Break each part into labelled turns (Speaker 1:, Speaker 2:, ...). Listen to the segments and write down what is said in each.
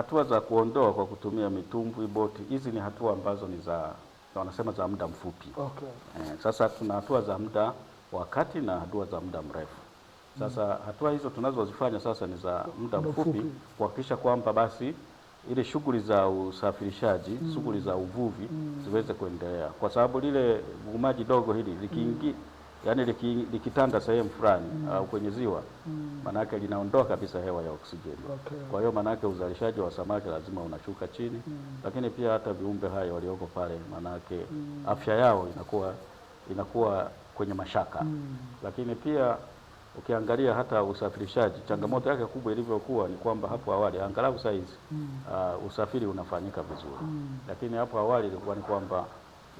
Speaker 1: Hatua za kuondoa kwa kutumia mitumbwi, boti, hizi ni hatua ambazo ni za wanasema za muda mfupi.
Speaker 2: Okay. Eh,
Speaker 1: sasa tuna hatua za muda wa kati na hatua za muda mrefu. Sasa mm. hatua hizo tunazozifanya sasa ni za muda mfupi kuhakikisha kwamba basi ile shughuli za usafirishaji mm. shughuli za uvuvi mm. ziweze kuendelea kwa sababu lile vumaji dogo hili likiingia mm yani likitanda sehemu fulani mm. Uh, au kwenye ziwa mm. manake linaondoa kabisa hewa ya oksijeni okay. Kwa hiyo manake uzalishaji wa samaki lazima unashuka chini mm. Lakini pia hata viumbe hayo walioko pale manake mm. afya yao inakuwa inakuwa kwenye mashaka mm. Lakini pia ukiangalia hata usafirishaji changamoto yake kubwa ilivyokuwa ni kwamba hapo awali angalau saizi mm. uh, usafiri unafanyika vizuri mm. Lakini hapo awali ilikuwa ni kwamba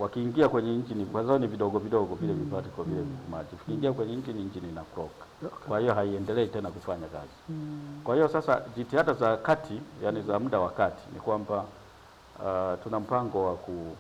Speaker 1: wakiingia kwenye injini kwa sababu ni vidogo vidogo vile mm. vipatiko vile maji vikiingia kwenye injini, injini inakroka okay. Kwa hiyo haiendelei tena kufanya kazi mm. Kwa hiyo sasa jitihada za kati, yani za muda wa kati ni kwamba uh, tuna mpango wa ku,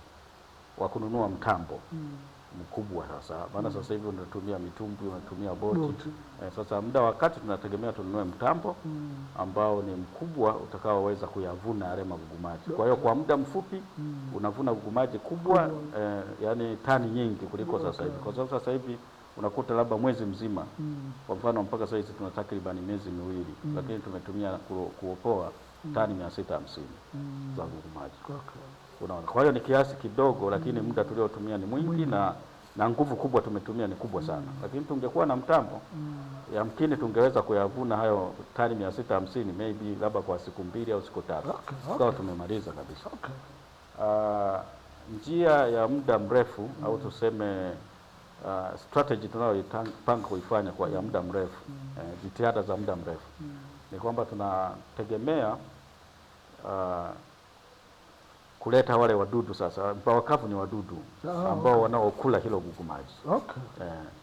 Speaker 1: wa kununua mtambo mm mkubwa sasa, maana mm. sasa hivi unatumia mitumbwi, unatumia boti eh, Sasa muda wakati tunategemea tununue mtambo mm. ambao ni mkubwa utakaoweza kuyavuna yale magugumaji. Kwa hiyo kwa muda mfupi mm. unavuna gugumaji kubwa mm. eh, yani tani nyingi kuliko okay. sasa hivi, kwa sababu sasa hivi unakuta labda mwezi mzima mm. kwa mfano mpaka sasa hivi tuna takribani miezi miwili mm. lakini tumetumia kuopoa Mm. tani mia sita hamsini mm. za nguvu maji okay. Unaona, kwa hiyo ni kiasi kidogo, lakini mm. muda tuliotumia ni mwingi na na nguvu kubwa tumetumia ni kubwa sana mm. lakini tungekuwa na mtambo mm. yamkini tungeweza kuyavuna hayo tani mia sita hamsini maybe labda kwa siku mbili au siku tatu
Speaker 2: okay, okay.
Speaker 1: tumemaliza kabisa okay. Uh, njia ya muda mrefu mm. au tuseme uh, strategy tunayoipanga kuifanya kwa ya muda mrefu mm. eh, jitihada za muda mrefu mm ni kwamba tunategemea uh, kuleta wale wadudu sasa. Mbawa kavu ni wadudu ah, ambao wanaokula hilo maji.
Speaker 2: okay. Eh,